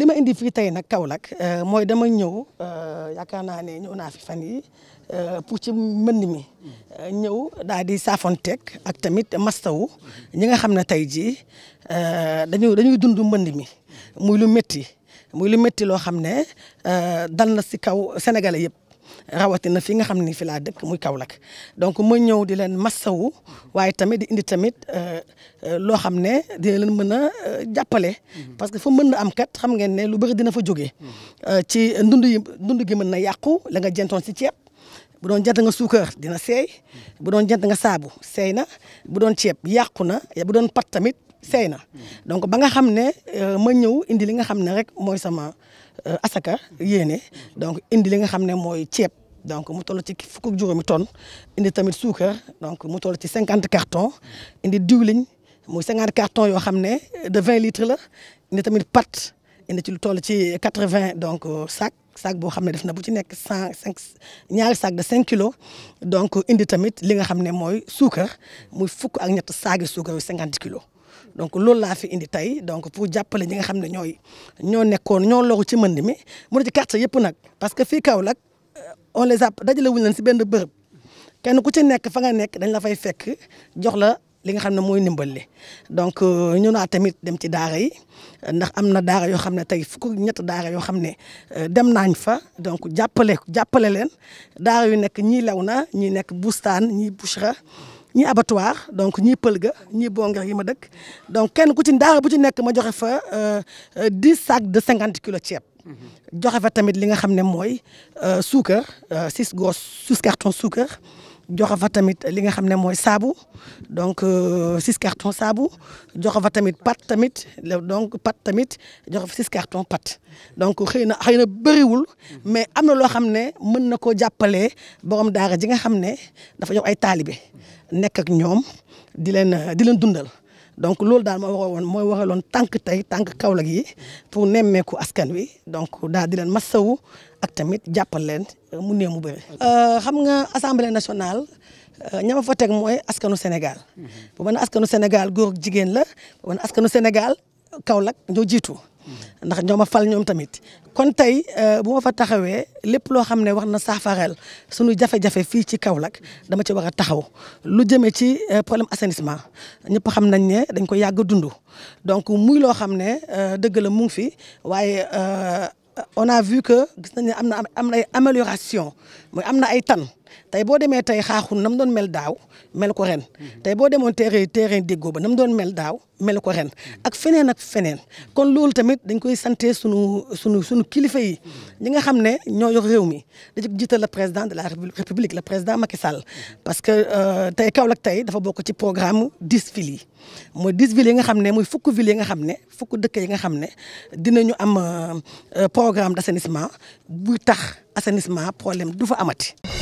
li ma indi fii tey nag Kaolack euh, mooy dama ñëw euh, yaakaar naa ne ñëw naa fi fan yi euh, pour ci mbënd mi ñëw daal di saafonteeg ak tamit mastaw ñi nga xam ne tey jii dañuy dañuy dund mbënd mi muy lu métti muy lu métti loo xam ne dal na si kaw sénégalais yëpp. rawatina fi nga xam ni fi dëkk muy Kaolack donc ma ñëw di leen massawu waaye tamit di indi tamit euh, euh, loo xam ne dina leen mën a euh, jàppale. parce que fa mën na am kat xam ngeen ne lu bëri dina fa jóge ci ndund yi gi mën na yàqu la nga jëntoon si ceeb. bu doon jant nga suukar dina seey bu doon jant nga saabu seey na bu doon ceeb yàqu na bu doon pat tamit seey na donc ba nga xam ne euh, ma ñëw indi li nga xam ne rek mooy sama euh, asaka yéene donc indi li nga xam ne mooy ceeb donc mu toll ci fukk ak juróomi tonne indi tamit suukar donc mu toll ci cinquante cartons indi diwliñ muy cinquante cartons yoo xam ne de vingt litres la indi tamit pâte indi ci lu toll ci quatre vingt donc euh, sac sac boo xam ne def na bu ci nekk cent cinq ñaari sac de cinq kilos donc indi tamit li nga xam ne mooy suukar muy fukk ak ñett saagi suukar yu cinquante kilos donc loolu laa fi indi tey donc pour jàppale ñi nga xam ne ñooy ñoo nekkoon ñoo loru ci mënd mi mu ne ci quartier yëpp nag parce que fii kaw Kaolack euh, on les a dajale wuñ leen si benn bërëb kenn ku ci nekk fa nga nekk dañ la fay fekk jox la li nga xam ne mooy ndimbal li donc euh, ñu naa tamit dem ci daara yi ndax am na daara yoo xam ne tey fukk ñett daara yoo xam ne euh, dem naañ fa donc jàppale jàppale leen daara yu nekk ñii lew na ñii nekk bustaan ñii bushra ñi abattoir donc ñii pël ga ñii gi ma dëkk donc kenn ku ci ndaara bu ci nekk ma joxe fa euh, dix sacs de cinquante kilos ceeb. joxe fa tamit li nga xam ne mooy euh, suukar euh, six gros six cartons suukar. joxe fa tamit li nga xam ne mooy saabu donc euh, six cartons saabu joxe fa tamit pat tamit donc pat tamit joxe fa six pat donc xëy na xëy na bëriwul mais am na loo xam ne mën na koo jàppalee borom daara ji nga xam ne dafa jox ay taalibe nekk ak ñoom di leen di leen dundal. donc loolu daal moo waxoon mooy waxaloon tànk tey tànk Kaolack yi pour nemmeeku askan wi donc daal di leen masawu ak tamit jàppal leen euh, mu néew mu bëri. Euh, xam nga assemblée national euh, ñama fa teg mooy askanu Sénégal. Mhm. bu ma ne askanu Sénégal góor ak jigéen la bu ma ne Sénégal Kaolack ñoo jiitu. ndax ñoo ma fal ñoom tamit kon tey euh, bu ma fa taxawee lépp loo xam ne war na saafareel suñu jafe-jafe fii ci Kaolack dama ci wax a taxaw lu jëmee ci euh, problème assainissement ñëpp xam nañ ne dañ ko yàgg dund donc muy loo xam ne euh, dëgg la mu ngi fi waaye on a vu que gis nañ ne am na am na ay amélioration mooy am na ay tan tey boo demee tey xaaxun nam doon mel daaw mel ko ren tey boo demoon terrain terrain déggoo ba nam doon mel daaw mel ko ren ak feneen ak feneen kon loolu tamit dañ koy sante sunu sunu sunu kilifa yi ñi nga xam ne ñoo yor réew mi da ci jiital le président de la république le président Macky Sall parce que euh, tey Kaolack tey dafa bokk ci programme dix villes mooy dix ville yi nga xam ne mooy fukk villes yi nga xam ne fukk dëkk yi nga xam ne dinañu am euh, programme d'assainissement buy tax assainissement problème du fa amati